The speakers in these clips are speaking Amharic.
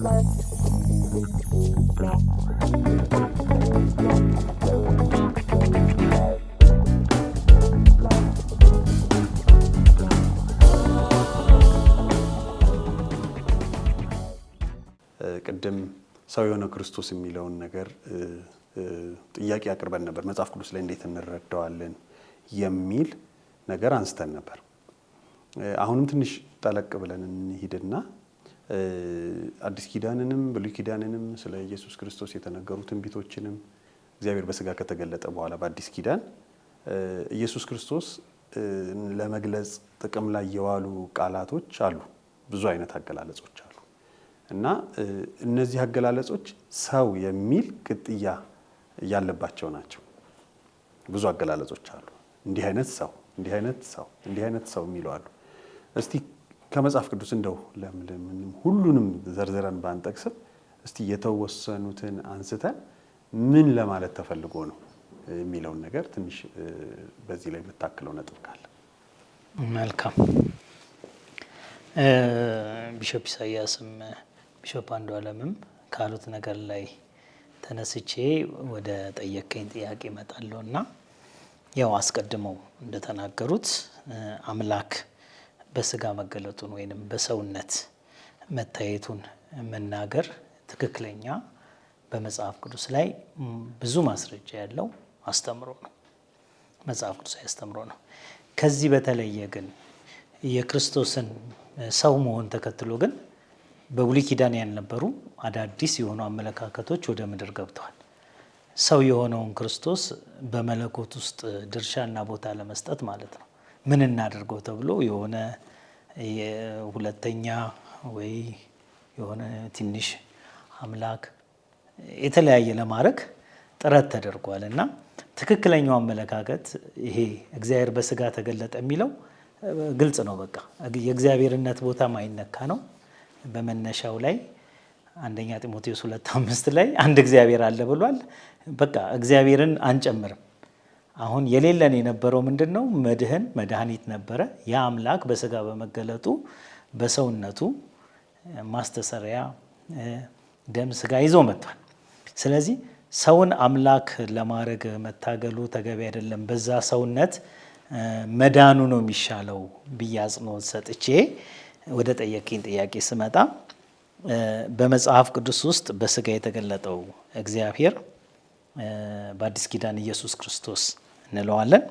ቅድም ሰው የሆነ ክርስቶስ የሚለውን ነገር ጥያቄ አቅርበን ነበር። መጽሐፍ ቅዱስ ላይ እንዴት እንረዳዋለን የሚል ነገር አንስተን ነበር። አሁንም ትንሽ ጠለቅ ብለን እንሂድና አዲስ ኪዳንንም ብሉይ ኪዳንንም ስለ ኢየሱስ ክርስቶስ የተነገሩ ትንቢቶችንም እግዚአብሔር በስጋ ከተገለጠ በኋላ በአዲስ ኪዳን ኢየሱስ ክርስቶስ ለመግለጽ ጥቅም ላይ የዋሉ ቃላቶች አሉ። ብዙ አይነት አገላለጾች አሉ እና እነዚህ አገላለጾች ሰው የሚል ቅጥያ ያለባቸው ናቸው። ብዙ አገላለጾች አሉ። እንዲህ አይነት ሰው፣ እንዲህ አይነት ሰው፣ እንዲህ አይነት ሰው የሚለዋሉ አሉ። እስቲ ከመጽሐፍ ቅዱስ እንደው ለምንም ሁሉንም ዘርዝረን ባንጠቅስም እስቲ የተወሰኑትን አንስተን ምን ለማለት ተፈልጎ ነው የሚለውን ነገር ትንሽ በዚህ ላይ የምታክለው ነጥብ ካለ መልካም። ቢሾፕ ኢሳያስም ቢሾፕ አንዱ አለምም ካሉት ነገር ላይ ተነስቼ ወደ ጠየቀኝ ጥያቄ እመጣለሁ እና ያው አስቀድመው እንደተናገሩት አምላክ በስጋ መገለጡን ወይንም በሰውነት መታየቱን መናገር ትክክለኛ በመጽሐፍ ቅዱስ ላይ ብዙ ማስረጃ ያለው አስተምሮ ነው። መጽሐፍ ቅዱስ አስተምሮ ነው። ከዚህ በተለየ ግን የክርስቶስን ሰው መሆን ተከትሎ ግን በብሉይ ኪዳን ያልነበሩ አዳዲስ የሆኑ አመለካከቶች ወደ ምድር ገብተዋል። ሰው የሆነውን ክርስቶስ በመለኮት ውስጥ ድርሻና ቦታ ለመስጠት ማለት ነው። ምን እናደርገው ተብሎ የሆነ ሁለተኛ ወይ የሆነ ትንሽ አምላክ የተለያየ ለማድረግ ጥረት ተደርጓል እና ትክክለኛው አመለካከት ይሄ እግዚአብሔር በስጋ ተገለጠ የሚለው ግልጽ ነው። በቃ የእግዚአብሔርነት ቦታ ማይነካ ነው። በመነሻው ላይ አንደኛ ጢሞቴዎስ ሁለት አምስት ላይ አንድ እግዚአብሔር አለ ብሏል። በቃ እግዚአብሔርን አንጨምርም። አሁን የሌለን የነበረው ምንድን ነው? መድህን መድኃኒት ነበረ። ያ አምላክ በስጋ በመገለጡ በሰውነቱ ማስተሰሪያ ደም ስጋ ይዞ መጥቷል። ስለዚህ ሰውን አምላክ ለማድረግ መታገሉ ተገቢ አይደለም፣ በዛ ሰውነት መዳኑ ነው የሚሻለው ብዬ አጽንኦት ሰጥቼ ወደ ጠየቅኝ ጥያቄ ስመጣ በመጽሐፍ ቅዱስ ውስጥ በስጋ የተገለጠው እግዚአብሔር በአዲስ ኪዳን ኢየሱስ ክርስቶስ እንለዋለን።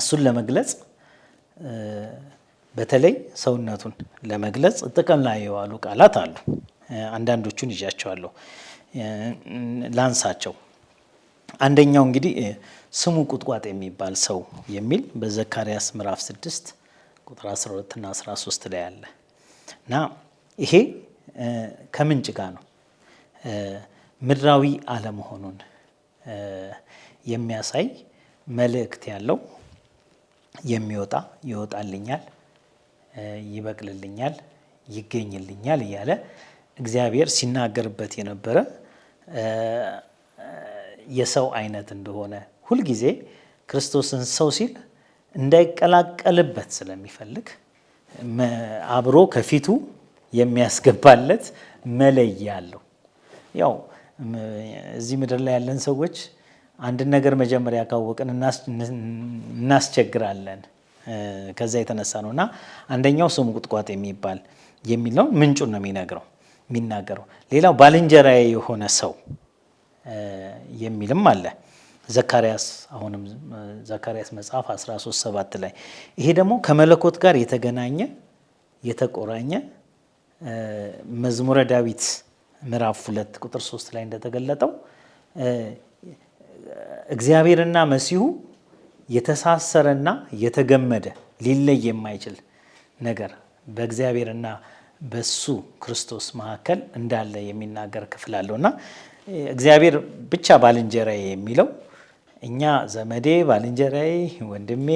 እሱን ለመግለጽ በተለይ ሰውነቱን ለመግለጽ ጥቅም ላይ የዋሉ ቃላት አሉ። አንዳንዶቹን ይዣቸዋለሁ፣ ላንሳቸው። አንደኛው እንግዲህ ስሙ ቁጥቋጥ የሚባል ሰው የሚል በዘካርያስ ምዕራፍ 6 ቁጥር 12 እና 13 ላይ አለ እና ይሄ ከምንጭ ጋር ነው ምድራዊ አለመሆኑን የሚያሳይ መልእክት ያለው የሚወጣ ይወጣልኛል፣ ይበቅልልኛል፣ ይገኝልኛል እያለ እግዚአብሔር ሲናገርበት የነበረ የሰው አይነት እንደሆነ ሁልጊዜ ክርስቶስን ሰው ሲል እንዳይቀላቀልበት ስለሚፈልግ አብሮ ከፊቱ የሚያስገባለት መለያ አለው። ያው እዚህ ምድር ላይ ያለን ሰዎች አንድን ነገር መጀመሪያ ካወቅን እናስቸግራለን። ከዛ የተነሳ ነው እና አንደኛው ስሙ ቁጥቋጦ የሚባል የሚለውን ምንጩን ነው የሚነግረው የሚናገረው። ሌላው ባልንጀራዬ የሆነ ሰው የሚልም አለ ዘካርያስ አሁንም ዘካርያስ መጽሐፍ 13 ላይ ይሄ ደግሞ ከመለኮት ጋር የተገናኘ የተቆራኘ መዝሙረ ዳዊት ምዕራፍ ሁለት ቁጥር ሶስት ላይ እንደተገለጠው እግዚአብሔርና መሲሁ የተሳሰረና የተገመደ ሊለይ የማይችል ነገር በእግዚአብሔርና በሱ ክርስቶስ መካከል እንዳለ የሚናገር ክፍል አለው እና እግዚአብሔር ብቻ ባልንጀራ የሚለው እኛ ዘመዴ፣ ባልንጀራዬ፣ ወንድሜ፣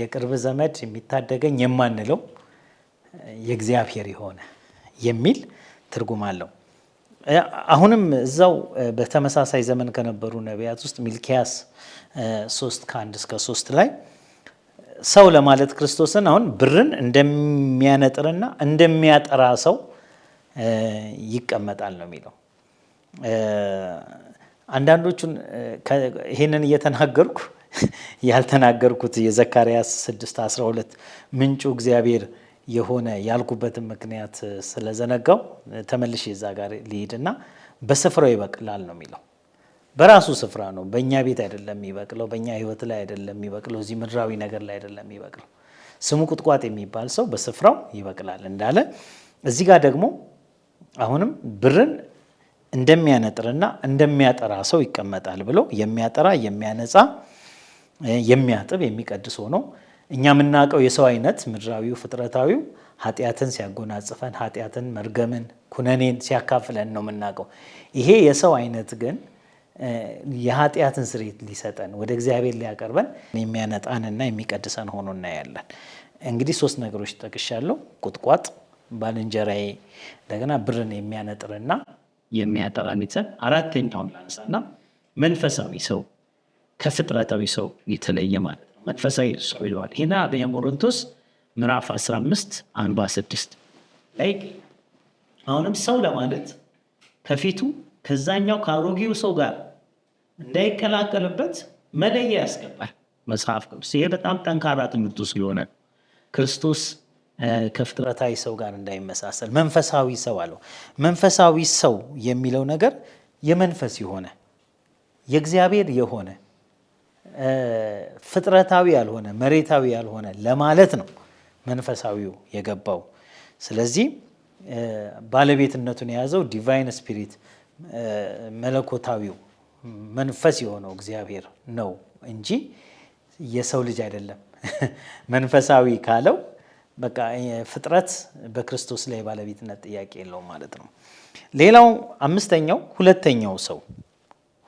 የቅርብ ዘመድ የሚታደገኝ የማንለው የእግዚአብሔር የሆነ የሚል ትርጉም አለው። አሁንም እዛው በተመሳሳይ ዘመን ከነበሩ ነቢያት ውስጥ ሚልኪያስ ሶስት ከአንድ እስከ ሶስት ላይ ሰው ለማለት ክርስቶስን አሁን ብርን እንደሚያነጥርና እንደሚያጠራ ሰው ይቀመጣል ነው የሚለው። አንዳንዶቹን ይህንን እየተናገርኩ ያልተናገርኩት የዘካርያስ 6 12 ምንጩ እግዚአብሔር የሆነ ያልኩበትን ምክንያት ስለዘነጋው ተመልሽ የዛ ጋር ሊሄድና በስፍራው ይበቅላል ነው የሚለው። በራሱ ስፍራ ነው። በእኛ ቤት አይደለም የሚበቅለው፣ በእኛ ህይወት ላይ አይደለም የሚበቅለው፣ እዚህ ምድራዊ ነገር ላይ አይደለም የሚበቅለው። ስሙ ቁጥቋጥ የሚባል ሰው በስፍራው ይበቅላል እንዳለ እዚህ ጋር ደግሞ አሁንም ብርን እንደሚያነጥርና እንደሚያጠራ ሰው ይቀመጣል ብሎ የሚያጠራ የሚያነጻ የሚያጥብ የሚቀድስ ሆኖ እኛ የምናውቀው የሰው አይነት ምድራዊው ፍጥረታዊው ኃጢአትን ሲያጎናጽፈን ኃጢአትን፣ መርገምን፣ ኩነኔን ሲያካፍለን ነው የምናውቀው። ይሄ የሰው አይነት ግን የኃጢአትን ስሬት ሊሰጠን ወደ እግዚአብሔር ሊያቀርበን የሚያነጣንና የሚቀድሰን ሆኖ እናያለን። እንግዲህ ሶስት ነገሮች ጠቅሻለሁ። ቁጥቋጥ፣ ባልንጀራዬ፣ እንደገና ብርን የሚያነጥርና የሚያጠራ ሚሰጥ አራተኛውን መንፈሳዊ ሰው ከፍጥረታዊ ሰው የተለየ ማለት መንፈሳዊ ሰው ይለዋል። ይህና አንደኛ ቆሮንቶስ ምዕራፍ 15 46 ላይ አሁንም ሰው ለማለት ከፊቱ ከዛኛው ከአሮጌው ሰው ጋር እንዳይቀላቀልበት መለያ ያስገባል መጽሐፍ ቅዱስ። ይሄ በጣም ጠንካራ ትምህርቱ ስለሆነ ክርስቶስ ከፍጥረታዊ ሰው ጋር እንዳይመሳሰል መንፈሳዊ ሰው አለው። መንፈሳዊ ሰው የሚለው ነገር የመንፈስ የሆነ የእግዚአብሔር የሆነ ፍጥረታዊ ያልሆነ መሬታዊ ያልሆነ ለማለት ነው መንፈሳዊው የገባው። ስለዚህ ባለቤትነቱን የያዘው ዲቫይን ስፒሪት መለኮታዊው መንፈስ የሆነው እግዚአብሔር ነው እንጂ የሰው ልጅ አይደለም። መንፈሳዊ ካለው በቃ ፍጥረት በክርስቶስ ላይ የባለቤትነት ጥያቄ የለውም ማለት ነው። ሌላው አምስተኛው ሁለተኛው ሰው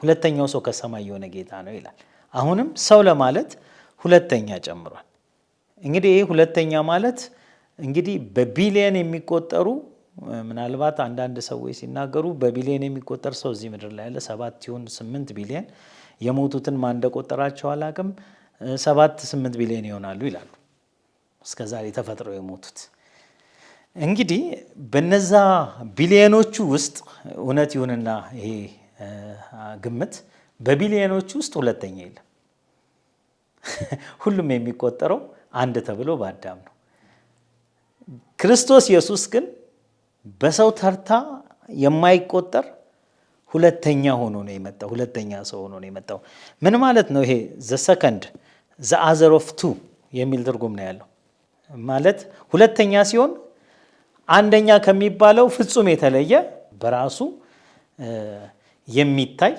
ሁለተኛው ሰው ከሰማይ የሆነ ጌታ ነው ይላል። አሁንም ሰው ለማለት ሁለተኛ ጨምሯል። እንግዲህ ይህ ሁለተኛ ማለት እንግዲህ በቢሊየን የሚቆጠሩ ምናልባት አንዳንድ ሰዎች ሲናገሩ በቢሊየን የሚቆጠር ሰው እዚህ ምድር ላይ ያለ ሰባት ይሁን ስምንት ቢሊየን የሞቱትን ማን እንደቆጠራቸው አላቅም። ሰባት ስምንት ቢሊየን ይሆናሉ ይላሉ። እስከዛሬ ተፈጥረው የሞቱት እንግዲህ በነዛ ቢሊየኖቹ ውስጥ እውነት ይሁንና ይሄ ግምት በቢሊየኖቹ ውስጥ ሁለተኛ የለም። ሁሉም የሚቆጠረው አንድ ተብሎ በአዳም ነው። ክርስቶስ ኢየሱስ ግን በሰው ተርታ የማይቆጠር ሁለተኛ ሆኖ ነው የመጣው። ሁለተኛ ሰው ሆኖ ነው የመጣው። ምን ማለት ነው ይሄ? ዘ ሰከንድ ዘ አዘር ኦፍ ቱ የሚል ትርጉም ነው ያለው። ማለት ሁለተኛ ሲሆን አንደኛ ከሚባለው ፍጹም የተለየ በራሱ የሚታይ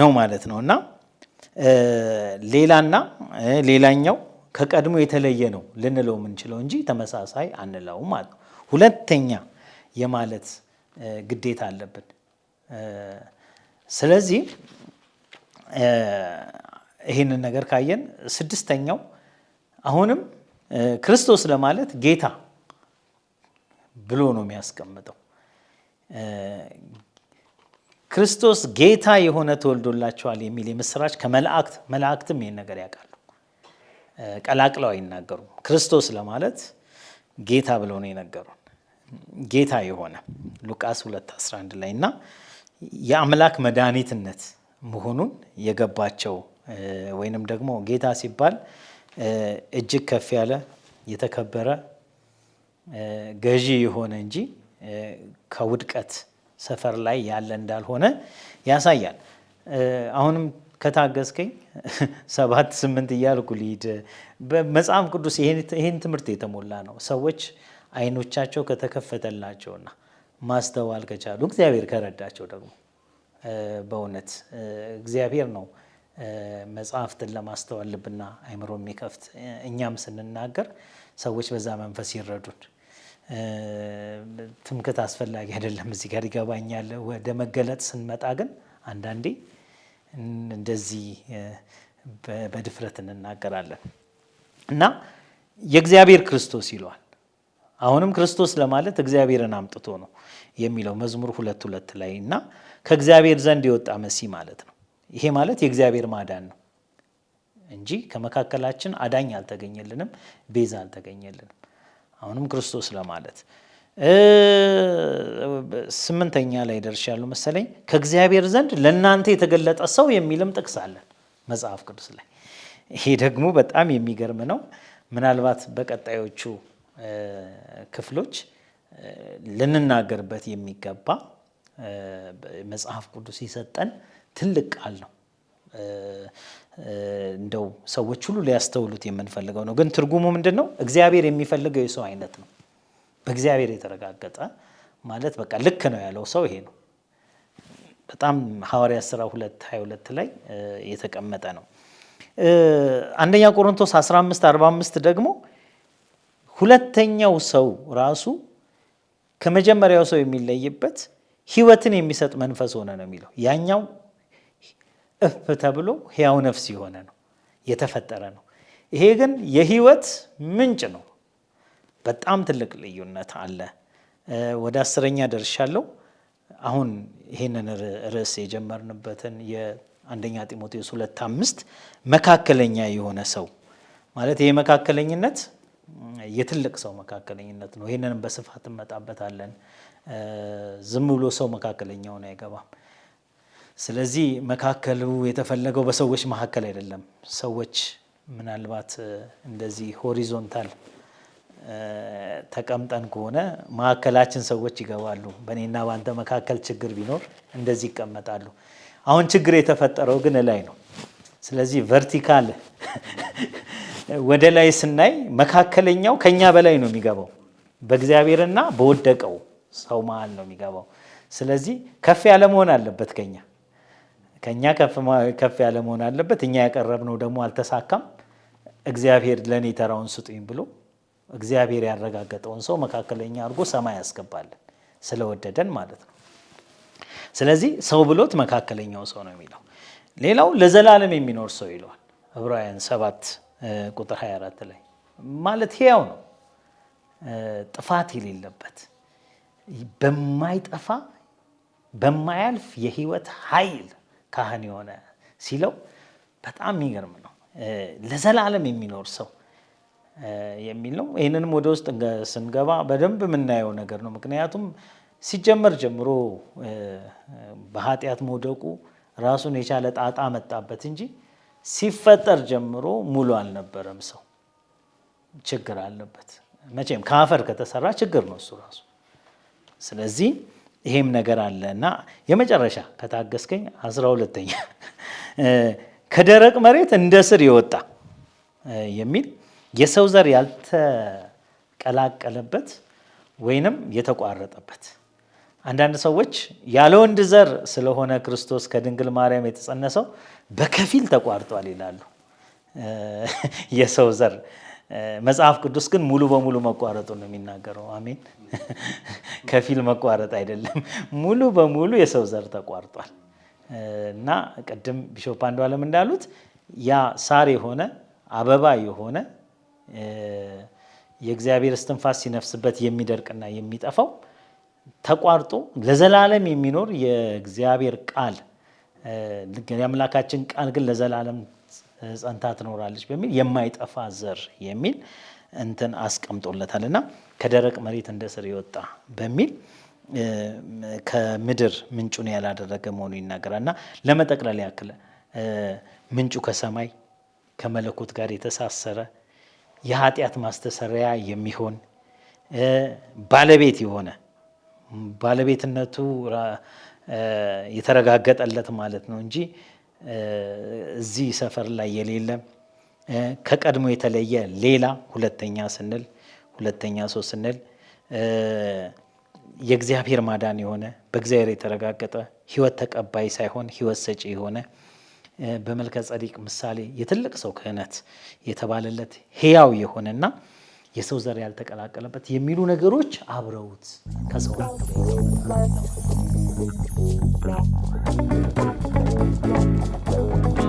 ነው ማለት ነው እና ሌላና ሌላኛው ከቀድሞ የተለየ ነው ልንለው የምንችለው እንጂ ተመሳሳይ አንለውም ማለት ነው። ሁለተኛ የማለት ግዴታ አለብን። ስለዚህ ይህንን ነገር ካየን ስድስተኛው አሁንም ክርስቶስ ለማለት ጌታ ብሎ ነው የሚያስቀምጠው። ክርስቶስ ጌታ የሆነ ተወልዶላቸዋል የሚል የምስራች ከመላእክት መላእክትም ይህን ነገር ያውቃሉ። ቀላቅለው አይናገሩም። ክርስቶስ ለማለት ጌታ ብለው ነው የነገሩን። ጌታ የሆነ ሉቃስ 2፥11 ላይ እና የአምላክ መድኃኒትነት መሆኑን የገባቸው ወይንም ደግሞ ጌታ ሲባል እጅግ ከፍ ያለ የተከበረ ገዢ የሆነ እንጂ ከውድቀት ሰፈር ላይ ያለ እንዳልሆነ ያሳያል። አሁንም ከታገዝከኝ ሰባት ስምንት እያልኩ ልሂድ። መጽሐፍ ቅዱስ ይህን ትምህርት የተሞላ ነው። ሰዎች አይኖቻቸው ከተከፈተላቸውና ማስተዋል ከቻሉ እግዚአብሔር ከረዳቸው ደግሞ በእውነት እግዚአብሔር ነው መጽሐፍትን ለማስተዋል ልብና አይምሮ የሚከፍት እኛም ስንናገር ሰዎች በዛ መንፈስ ይረዱን። ትምክት አስፈላጊ አይደለም። እዚህ ጋር ይገባኛል። ወደ መገለጥ ስንመጣ ግን አንዳንዴ እንደዚህ በድፍረት እንናገራለን እና የእግዚአብሔር ክርስቶስ ይለዋል። አሁንም ክርስቶስ ለማለት እግዚአብሔርን አምጥቶ ነው የሚለው መዝሙር ሁለት ሁለት ላይ እና ከእግዚአብሔር ዘንድ የወጣ መሲ ማለት ነው። ይሄ ማለት የእግዚአብሔር ማዳን ነው እንጂ ከመካከላችን አዳኝ አልተገኘልንም፣ ቤዛ አልተገኘልንም። አሁንም ክርስቶስ ለማለት ስምንተኛ ላይ ያለው መሰለኝ። ከእግዚአብሔር ዘንድ ለእናንተ የተገለጠ ሰው የሚልም ጥቅስ አለን መጽሐፍ ቅዱስ ላይ። ይሄ ደግሞ በጣም የሚገርም ነው። ምናልባት በቀጣዮቹ ክፍሎች ልንናገርበት የሚገባ መጽሐፍ ቅዱስ የሰጠን ትልቅ ቃል ነው። እንደው ሰዎች ሁሉ ሊያስተውሉት የምንፈልገው ነው። ግን ትርጉሙ ምንድን ነው? እግዚአብሔር የሚፈልገው የሰው አይነት ነው። በእግዚአብሔር የተረጋገጠ ማለት በቃ ልክ ነው ያለው ሰው ይሄ ነው። በጣም ሐዋርያ ሥራ 2 22 ላይ የተቀመጠ ነው። አንደኛ ቆሮንቶስ 15 45 ደግሞ ሁለተኛው ሰው ራሱ ከመጀመሪያው ሰው የሚለይበት ሕይወትን የሚሰጥ መንፈስ ሆነ ነው የሚለው ያኛው እፍ ተብሎ ሕያው ነፍስ የሆነ ነው የተፈጠረ ነው። ይሄ ግን የህይወት ምንጭ ነው። በጣም ትልቅ ልዩነት አለ። ወደ አስረኛ ደርሻለሁ። አሁን ይህንን ርዕስ የጀመርንበትን የአንደኛ ጢሞቴዎስ ሁለት አምስት መካከለኛ የሆነ ሰው ማለት ይሄ መካከለኝነት የትልቅ ሰው መካከለኝነት ነው። ይህንንም በስፋት እንመጣበታለን። ዝም ብሎ ሰው መካከለኛውን አይገባም። ስለዚህ መካከሉ የተፈለገው በሰዎች መካከል አይደለም። ሰዎች ምናልባት እንደዚህ ሆሪዞንታል ተቀምጠን ከሆነ መካከላችን ሰዎች ይገባሉ። በእኔና በአንተ መካከል ችግር ቢኖር እንደዚህ ይቀመጣሉ። አሁን ችግር የተፈጠረው ግን ላይ ነው። ስለዚህ ቨርቲካል ወደ ላይ ስናይ መካከለኛው ከኛ በላይ ነው የሚገባው፣ በእግዚአብሔርና በወደቀው ሰው መሃል ነው የሚገባው። ስለዚህ ከፍ ያለ መሆን አለበት ከኛ ከእኛ ከፍ ያለ መሆን አለበት። እኛ ያቀረብነው ደግሞ አልተሳካም፣ እግዚአብሔር ለእኔ ተራውን ስጡኝ ብሎ እግዚአብሔር ያረጋገጠውን ሰው መካከለኛ አድርጎ ሰማይ ያስገባለን ስለወደደን ማለት ነው። ስለዚህ ሰው ብሎት መካከለኛው ሰው ነው የሚለው። ሌላው ለዘላለም የሚኖር ሰው ይለዋል ዕብራውያን 7 ቁጥር 24 ላይ ማለት ሕያው ነው፣ ጥፋት የሌለበት በማይጠፋ በማያልፍ የህይወት ኃይል ካህን የሆነ ሲለው በጣም የሚገርም ነው። ለዘላለም የሚኖር ሰው የሚል ነው። ይህንንም ወደ ውስጥ ስንገባ በደንብ የምናየው ነገር ነው። ምክንያቱም ሲጀመር ጀምሮ በኃጢአት መውደቁ ራሱን የቻለ ጣጣ መጣበት እንጂ ሲፈጠር ጀምሮ ሙሉ አልነበረም። ሰው ችግር አለበት። መቼም ከአፈር ከተሰራ ችግር ነው እሱ ራሱ። ስለዚህ ይሄም ነገር አለ እና የመጨረሻ ከታገስከኝ አስራ ሁለተኛ ከደረቅ መሬት እንደ ስር የወጣ የሚል የሰው ዘር ያልተቀላቀለበት ወይንም የተቋረጠበት አንዳንድ ሰዎች ያለ ወንድ ዘር ስለሆነ ክርስቶስ ከድንግል ማርያም የተጸነሰው በከፊል ተቋርጧል ይላሉ። የሰው ዘር መጽሐፍ ቅዱስ ግን ሙሉ በሙሉ መቋረጡ ነው የሚናገረው። አሜን። ከፊል መቋረጥ አይደለም፣ ሙሉ በሙሉ የሰው ዘር ተቋርጧል። እና ቅድም ቢሾፕ አንዱ አለም እንዳሉት ያ ሳር የሆነ አበባ የሆነ የእግዚአብሔር እስትንፋስ ሲነፍስበት የሚደርቅና የሚጠፋው ተቋርጦ ለዘላለም የሚኖር የእግዚአብሔር ቃል የአምላካችን ቃል ግን ለዘላለም ጸንታ ትኖራለች በሚል የማይጠፋ ዘር የሚል እንትን አስቀምጦለታል እና ከደረቅ መሬት እንደ ስር የወጣ በሚል ከምድር ምንጩን ያላደረገ መሆኑ ይናገራል እና ለመጠቅለል ያክል ምንጩ ከሰማይ ከመለኮት ጋር የተሳሰረ የኃጢአት ማስተሰሪያ የሚሆን ባለቤት የሆነ ባለቤትነቱ የተረጋገጠለት ማለት ነው እንጂ እዚህ ሰፈር ላይ የሌለ ከቀድሞ የተለየ ሌላ ሁለተኛ ስንል ሁለተኛ ሶስት ስንል የእግዚአብሔር ማዳን የሆነ በእግዚአብሔር የተረጋገጠ ህይወት ተቀባይ ሳይሆን ህይወት ሰጪ የሆነ በመልከ ጸዲቅ ምሳሌ የትልቅ ሰው ክህነት የተባለለት ህያው የሆነና የሰው ዘር ያልተቀላቀለበት የሚሉ ነገሮች አብረውት ከሰው ጋር